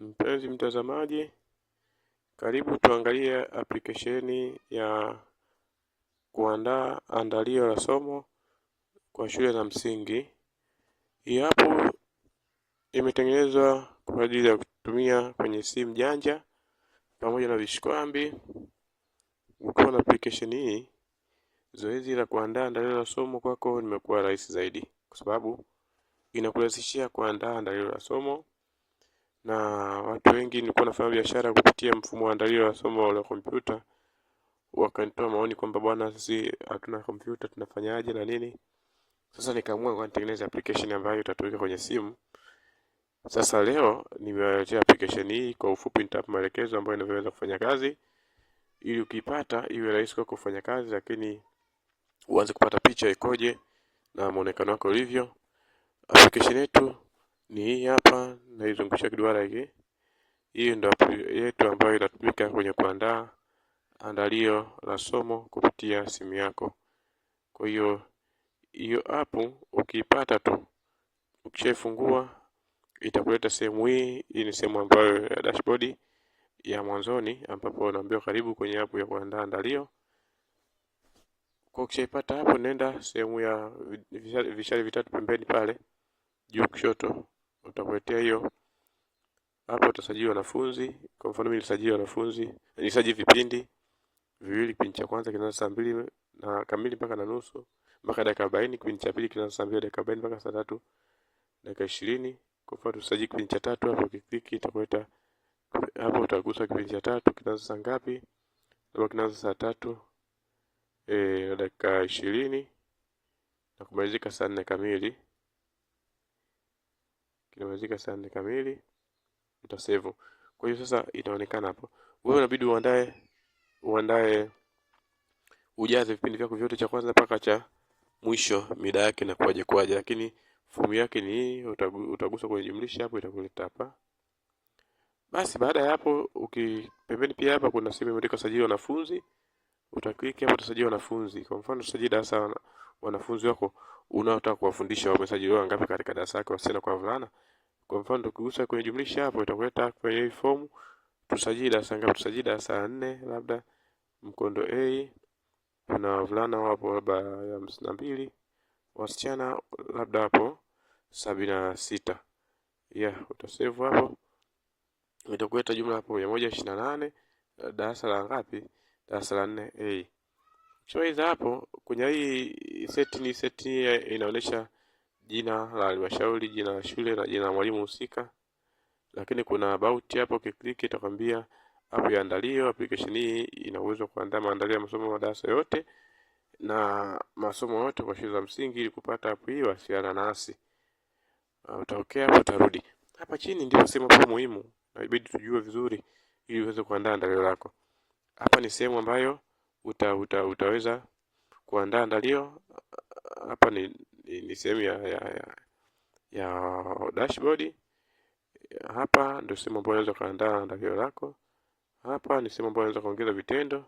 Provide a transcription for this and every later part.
Mpenzi mtazamaji, karibu tuangalie application ya kuandaa andalio la somo kwa shule za msingi. Hii hapo imetengenezwa kwa ajili ya kutumia kwenye simu janja pamoja na vishikwambi. Ukiwa na application hii, zoezi la kuandaa andalio la somo kwako limekuwa rahisi zaidi, kwa sababu inakurahisishia kuandaa andalio la somo na watu wengi nilikuwa nafanya biashara kupitia mfumo wa andalio wa somo la kompyuta, wakanitoa maoni kwamba bwana, sisi hatuna kompyuta tunafanyaje na nini. Sasa nikaamua kwa nitengeneze application ambayo itatumika kwenye simu. Sasa leo nimewaletea application hii, kwa ufupi nitapa maelekezo ambayo inavyoweza kufanya kazi ili ukipata iwe rahisi kwa kufanya kazi, lakini uanze kupata picha ikoje na muonekano wako ulivyo. Application yetu ni hii hapa, naizungusha kiduara hiki. Hii ndio app yetu ambayo inatumika kwenye kuandaa andalio la somo kupitia simu yako. Kwa hiyo hiyo app ukiipata tu, ukishaifungua itakuleta sehemu hii. Hii ni sehemu ambayo ya dashboard ya mwanzoni, ambapo unaambiwa karibu kwenye app ya kuandaa andalio. Kwa ukishaipata hapo, nenda sehemu ya vishari vitatu pembeni pale juu kushoto utakuletea hiyo hapo. Utasajili wanafunzi, kwa mfano mimi nilisajili wanafunzi, nilisajili vipindi viwili. Kipindi cha kwanza kinaanza saa mbili na kamili mpaka na nusu mpaka dakika arobaini. Kipindi cha pili kinaanza saa mbili dakika arobaini mpaka saa tatu dakika ishirini. Kwa mfano tusajili kipindi cha tatu hapo, ukikiki itakuleta hapo, utagusa kipindi cha tatu kinaanza saa ngapi, labda kinaanza saa tatu e, dakika ishirini na kumalizika saa nne kamili kinamalizika saa nne kamili nitasave. Kwa hiyo sasa itaonekana hapo. Wewe unabidi uandae uandae ujaze vipindi vyako vyote cha kwanza mpaka cha mwisho, mida yake na kuaje kuaje, lakini fomu yake ni hii. Utagusa kwenye jumlisha hapo, itakuleta hapa. Basi baada ya hapo, ukipembeni pia hapa kuna sehemu imeandikwa sajili wanafunzi. Utakiki hapo tusajili wanafunzi. Kwa mfano tusajili darasa wanafunzi wako unaotaka kuwafundisha wamesajiliwa wangapi katika darasa lako wasichana kwa wavulana. Kwa mfano tukigusa kwenye jumlisha hapo itakuleta kwenye hii fomu tusajili darasa ngapi? Tusajili darasa nne labda mkondo A na wavulana wapo labda hamsini na mbili wasichana labda hapo sabini na sita. Yeah, utasave hapo. Itakuleta jumla hapo mia moja ishirini na nane darasa la ngapi? darasa la 4A. Eh. Ukishamaliza hapo kwenye hii seti ni seti inaonyesha jina la halmashauri, jina la shule na jina la mwalimu husika. Lakini kuna about hapo, ukiklik itakwambia hapo iandalio. Application hii ina uwezo kuandaa maandalio ya masomo madarasa yote na masomo yote kwa shule za msingi. Ili kupata hapo hii, wasiana nasi. Ah, utaokea hapo, utarudi hapa chini. Ndio sehemu muhimu, ibidi tujue vizuri ili uweze kuandaa andalio lako. Hapa ni sehemu ambayo uta, uta, utaweza kuandaa andalio. Hapa ni, ni, ni sehemu ya, ya, ya, ya dashboard. Hapa ndio sehemu ambayo unaweza kuandaa andalio lako. Hapa ni sehemu ambayo unaweza kuongeza vitendo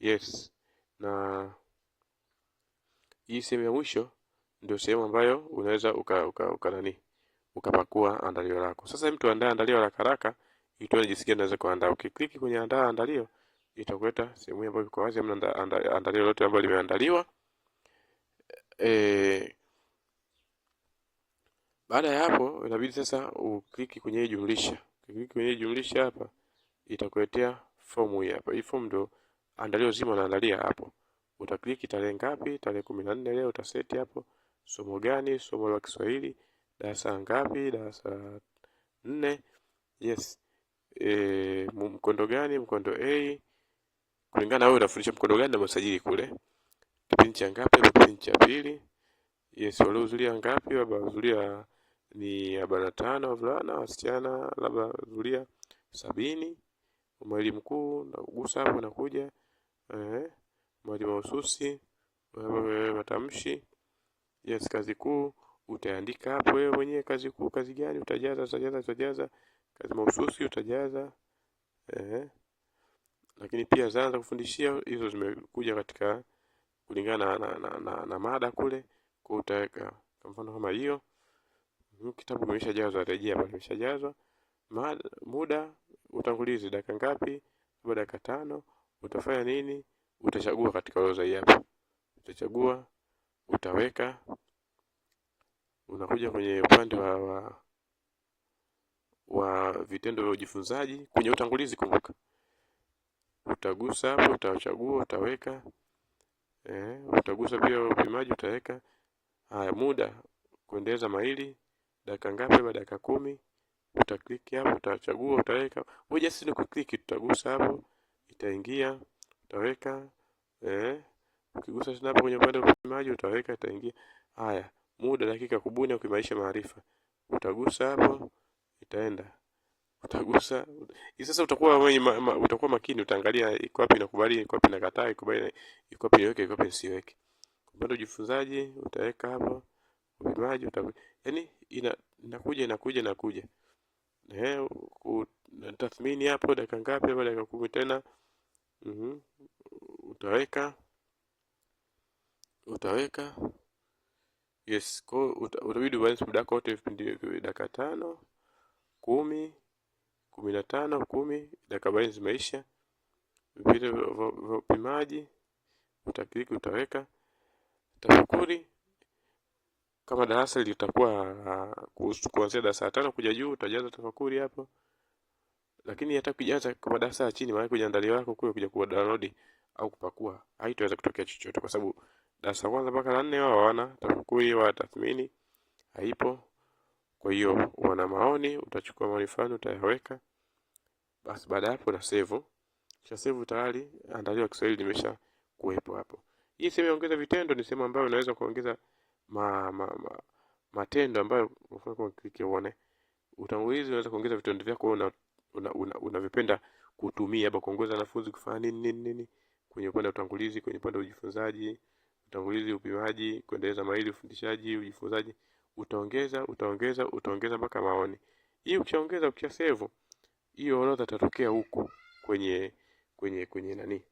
yes, na hii sehemu ya mwisho ndio sehemu ambayo unaweza uka, uka, uka nani ukapakua andalio lako. Sasa mtu andae andalio la haraka haraka itoe jinsi gani unaweza kuandaa. Ukiklik kwenye andaa andalio, itakuleta sehemu ambayo iko wazi, amna andalio lote ambalo limeandaliwa. E, baada ya hapo inabidi sasa uklik kwenye hii jumlisha. Ukiklik kwenye hii jumlisha hapa itakuletea fomu hii hapa. Hii fomu ndio andalio zima unaandalia hapo. Utakliki tarehe ngapi? Tarehe 14 leo utaseti hapo. Somo gani? Somo la Kiswahili. Darasa ngapi? Darasa nne. Yes e, mkondo gani, mkondo A, kulingana na wewe unafundisha mkondo gani na msajili kule, kipindi cha ngapi au kipindi cha pili. Yes, waliohudhuria ngapi? Labda walihudhuria ni arobaini na tano wavulana, wasichana labda walihudhuria sabini. Mwalimu mkuu nagusa hapo, nakuja eh, mwalimu mahususi, eh, matamshi. Yes, kazi kuu utaandika hapo wewe mwenyewe, kazi kuu, kazi gani utajaza, utajaza, utajaza kazi mahususi utajaza eh. Lakini pia zana za kufundishia hizo zimekuja katika kulingana na, na, na, na mada kule, kwa utaweka kwa mfano kama hiyo hmm, kitabu kimeshajazwa, rejea pale kimeshajazwa. Muda utangulizi dakika ngapi? Labda dakika tano. Utafanya nini? Utachagua katika orodha hii hapo, utachagua utaweka, unakuja kwenye upande wa, wa wa vitendo vya ujifunzaji kwenye utangulizi. Kumbuka utagusa hapo, utachagua, utaweka eh, utagusa pia upimaji, utaweka haya, muda kuendeleza maili dakika ngapi? Baada dakika kumi. Utakliki hapo, utachagua, utaweka moja. Sisi ni kukliki, tutagusa hapo, itaingia, utaweka eh, ukigusa tena hapo kwenye upande wa upimaji, utaweka, itaingia. Haya, muda dakika kubuni au kuimarisha maarifa, utagusa hapo itaenda utagusa sasa, utakuwa wewe ma, ma, utakuwa makini, utaangalia iko wapi inakubali, iko wapi inakataa, iko wapi iko wapi niweke, iko wapi nisiweke. Bado ujifunzaji utaweka hapo, upimaji uta yani ina, inakuja inakuja inakuja eh, tathmini hapo dakika ngapi, baada dakika kumi tena mhm, utaweka utaweka yes, kwa utabidi uanze muda wote, vipindi dakika tano kumi, kumi na tano, kumi. Dakika arobaini zimeisha. Vile vya upimaji utakiliki, utaweka tafakuri kama darasa litakuwa kuhusu kuanzia darasa la tano kuja juu, utajaza tafakuri hapo, lakini hata kujaza kwa darasa la chini, maana kujiandalia wako kule kuja ku download au kupakua haitaweza kutokea chochote, kwa sababu darasa la kwanza mpaka la nne wao hawana tafakuri wa tathmini haipo. Kwa hiyo wana maoni, utachukua maoni fulani utayaweka. Basi baada hapo na save. Kisha save tayari andalio la Kiswahili limesha kuwepo hapo. Hii sehemu ongeza vitendo ni sehemu ambayo unaweza kuongeza ma, ma, ma, matendo ambayo unafanya kwa kliki uone. Utangulizi unaweza kuongeza vitendo vyako una unavipenda una, una, una kutumia hapo kuongoza wanafunzi kufanya nini nini nini kwenye upande wa utangulizi, kwenye upande wa ujifunzaji, utangulizi, upimaji, kuendeleza maili, ufundishaji, ujifunzaji utaongeza utaongeza utaongeza mpaka maoni. Hii ukishaongeza ukisha save hiyo orodha itatokea huku kwenye kwenye kwenye nani?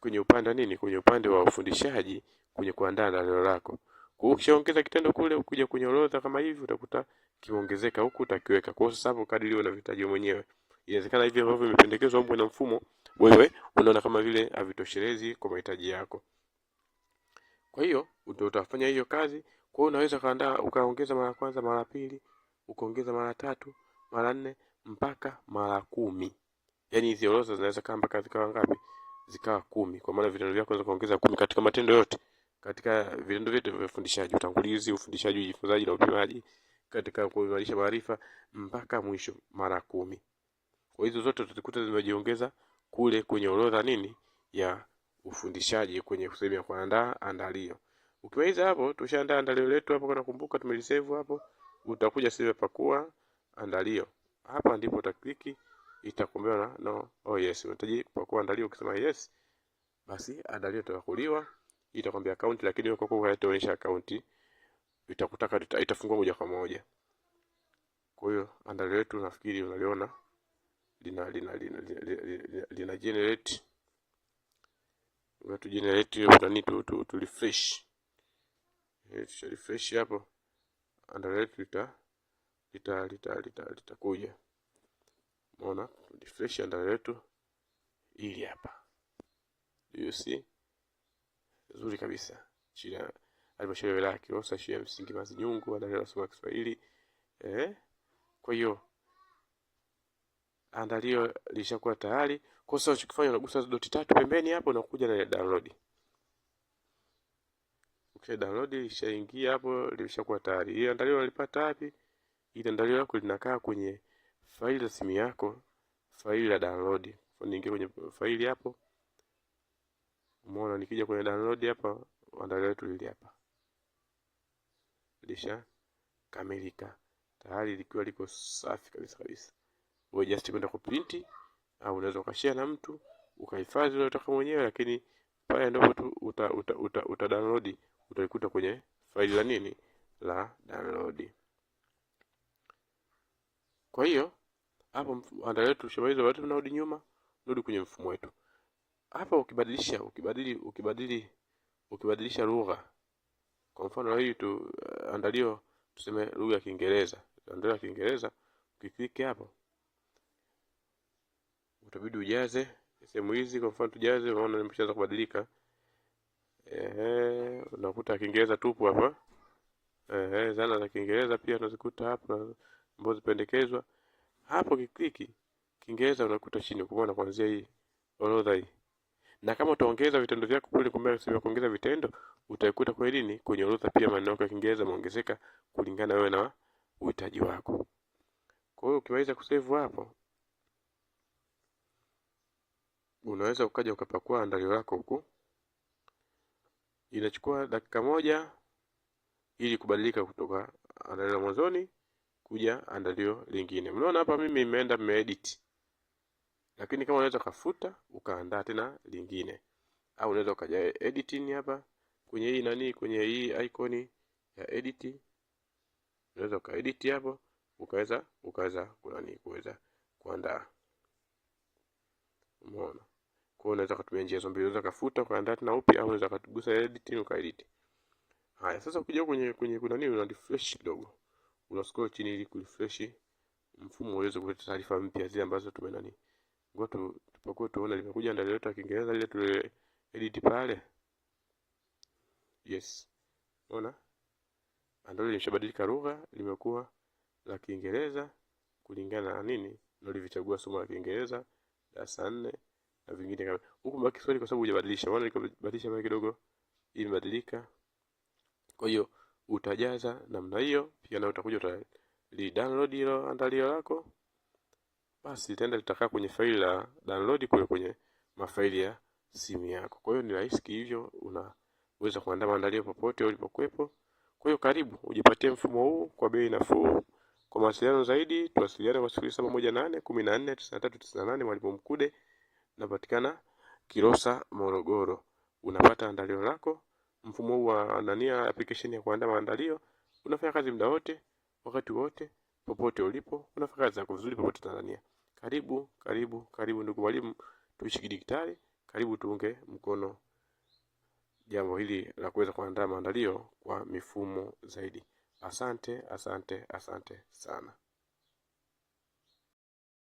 Kwenye upande nini? Kwenye upande wa ufundishaji kwenye kuandaa darasa lako. Kwa hiyo ukishaongeza kitendo kule ukija kwenye orodha kama hivi utakuta kiongezeka huku utakiweka. Kwa hiyo sasa hapo kadri unavitaji mwenyewe. Inawezekana hivi ambavyo vimependekezwa mbona mfumo wewe unaona kama vile havitoshelezi kwa mahitaji yako. Kwa hiyo utafanya hiyo kazi kwa hiyo unaweza ukaandaa ukaongeza mara kwanza, mara pili, ukaongeza mara tatu, mara nne mpaka mara kumi. Yaani hizi orodha zinaweza kaa mpaka zikawa ngapi? Zikawa kumi. Kwa maana vitendo vyako unaweza kuongeza kumi katika matendo yote. Katika vitendo vyote vya ufundishaji, utangulizi, ufundishaji, ujifunzaji na upimaji katika kuimarisha maarifa mpaka mwisho mara kumi. Kwa hizo zote tutazikuta zimejiongeza kule kwenye orodha nini ya ufundishaji kwenye sehemu ya kuandaa andalio. Ukimaliza hapo tushaandaa andalio letu hapo, kana kumbuka tumelisave hapo, utakuja sasa pakua andalio. Hapa ndipo utakliki itakuombewa na no oh yes. Unahitaji pakua andalio, ukisema yes basi andalio itakuliwa, itakwambia akaunti, lakini wewe kwako hayataonyesha akaunti, itakutaka itafungua moja kwa moja. Kwa hiyo andalio letu nafikiri unaliona lina lina lina, lina, lina generate wetu generate hiyo nani tu, tu, tu refresh Eh, Tucha refresh hapo, underline lita lita lita lita litakuja. Umeona, refresh underline ili hapa, do you see, nzuri kabisa chini ya halmashauri ya wilaya Kilosa, shule ya msingi Mazinyungu, adalela somo la Kiswahili eh. Kwa hiyo andalio lishakuwa tayari. Kwa sasa, unachokifanya unagusa doti tatu pembeni hapo, kuja na download ukisha download ishaingia hapo, limeshakuwa tayari. Ile andalio unalipata wapi? Ile andalio lako linakaa kwenye faili za simu yako, faili la download. Kwa niingia kwenye faili hapo, umeona, nikija kwenye download hapa, andalio letu lili hapa, lisha kamilika tayari, likiwa liko safi kabisa kabisa. Wewe just kwenda ku print au unaweza ukashare na mtu ukahifadhi unataka mwenyewe, lakini pale ndipo tu uta, uta, uta, uta download utaikuta kwenye faili la nini la download. Kwa hiyo hapo andalia tulishamaliza wote, tunarudi nyuma, rudi kwenye mfumo wetu. Hapa ukibadilisha ukibadili ukibadili ukibadilisha lugha, kwa mfano hii tu eh, andalio, tuseme lugha ya Kiingereza, andalio ya Kiingereza, ukikliki hapo utabidi ujaze sehemu hizi. Kwa mfano tujaze, unaona nimeshaanza kubadilika. Ehe, unakuta Kiingereza tupu hapa. Ehe, zana za Kiingereza pia unazikuta hapa ambazo zipendekezwa. Hapo kikliki Kiingereza unakuta chini kuona kuanzia hii orodha hii. Na kama utaongeza vitendo vyako kule kumbe sio kuongeza vitendo, utaikuta kwa nini kwenye orodha pia maneno ya Kiingereza yameongezeka kulingana wewe na uhitaji wako. Kwa hiyo ukiweza kusave hapo unaweza ukaja ukapakua andalio lako huku Inachukua dakika moja ili kubadilika kutoka andalio la mwanzoni kuja andalio lingine. Mnaona hapa mimi nimeenda nimeedit. Lakini kama unaweza ukafuta ukaandaa tena lingine. Au unaweza ukaja editing hapa kwenye hii nani kwenye hii icon ya edit. Unaweza ukaedit hapo ukaweza ukaweza kunani kuweza kuandaa. Umeona? Kwa hiyo unaweza kutumia njia zote mbili, unaweza kwa ndani na upi, au unaweza kugusa edit ukaedit. Haya, sasa ukija kwenye kwenye kuna nini una refresh kidogo. Una scroll chini ili kurefresh mfumo uweze kuleta taarifa mpya zile ambazo tume nani, ngo tu tupakuwe tuone limekuja ndani letu Kiingereza ile tule edit pale. Yes. Ona? Andalo limeshabadilika lugha, limekuwa la Kiingereza kulingana na nini? Ndio lilichagua somo la Kiingereza darasa 4 na vingine kama huku mbaki swali kwa sababu hujabadilisha. wala nikabadilisha pale kidogo imebadilika. Kwa hiyo utajaza namna hiyo, pia na utakuja uta li download hilo andalio lako, basi litaenda litakaa kwenye faili la download kule kwenye mafaili ya simu yako. Kwa hiyo ni rahisi hivyo, unaweza kuandaa maandalio popote ulipokuwepo. Kwa hiyo karibu ujipatie mfumo huu kwa bei nafuu. Kwa mawasiliano zaidi tuwasiliane kwa sifuri saba moja nane kumi na nne tisini na tatu tisini na nane Mwalimu Mkude. Napatikana Kilosa, Morogoro. Unapata andalio lako. Mfumo huu wa nania application ya kuandaa maandalio unafanya kazi muda wote, wakati wote, popote ulipo, unafanya kazi zako vizuri popote Tanzania. Karibu, karibu, karibu ndugu mwalimu, tuishi kidigitali, karibu tuunge mkono jambo hili la kuweza kuandaa maandalio kwa mifumo zaidi. Asante, asante, asante sana.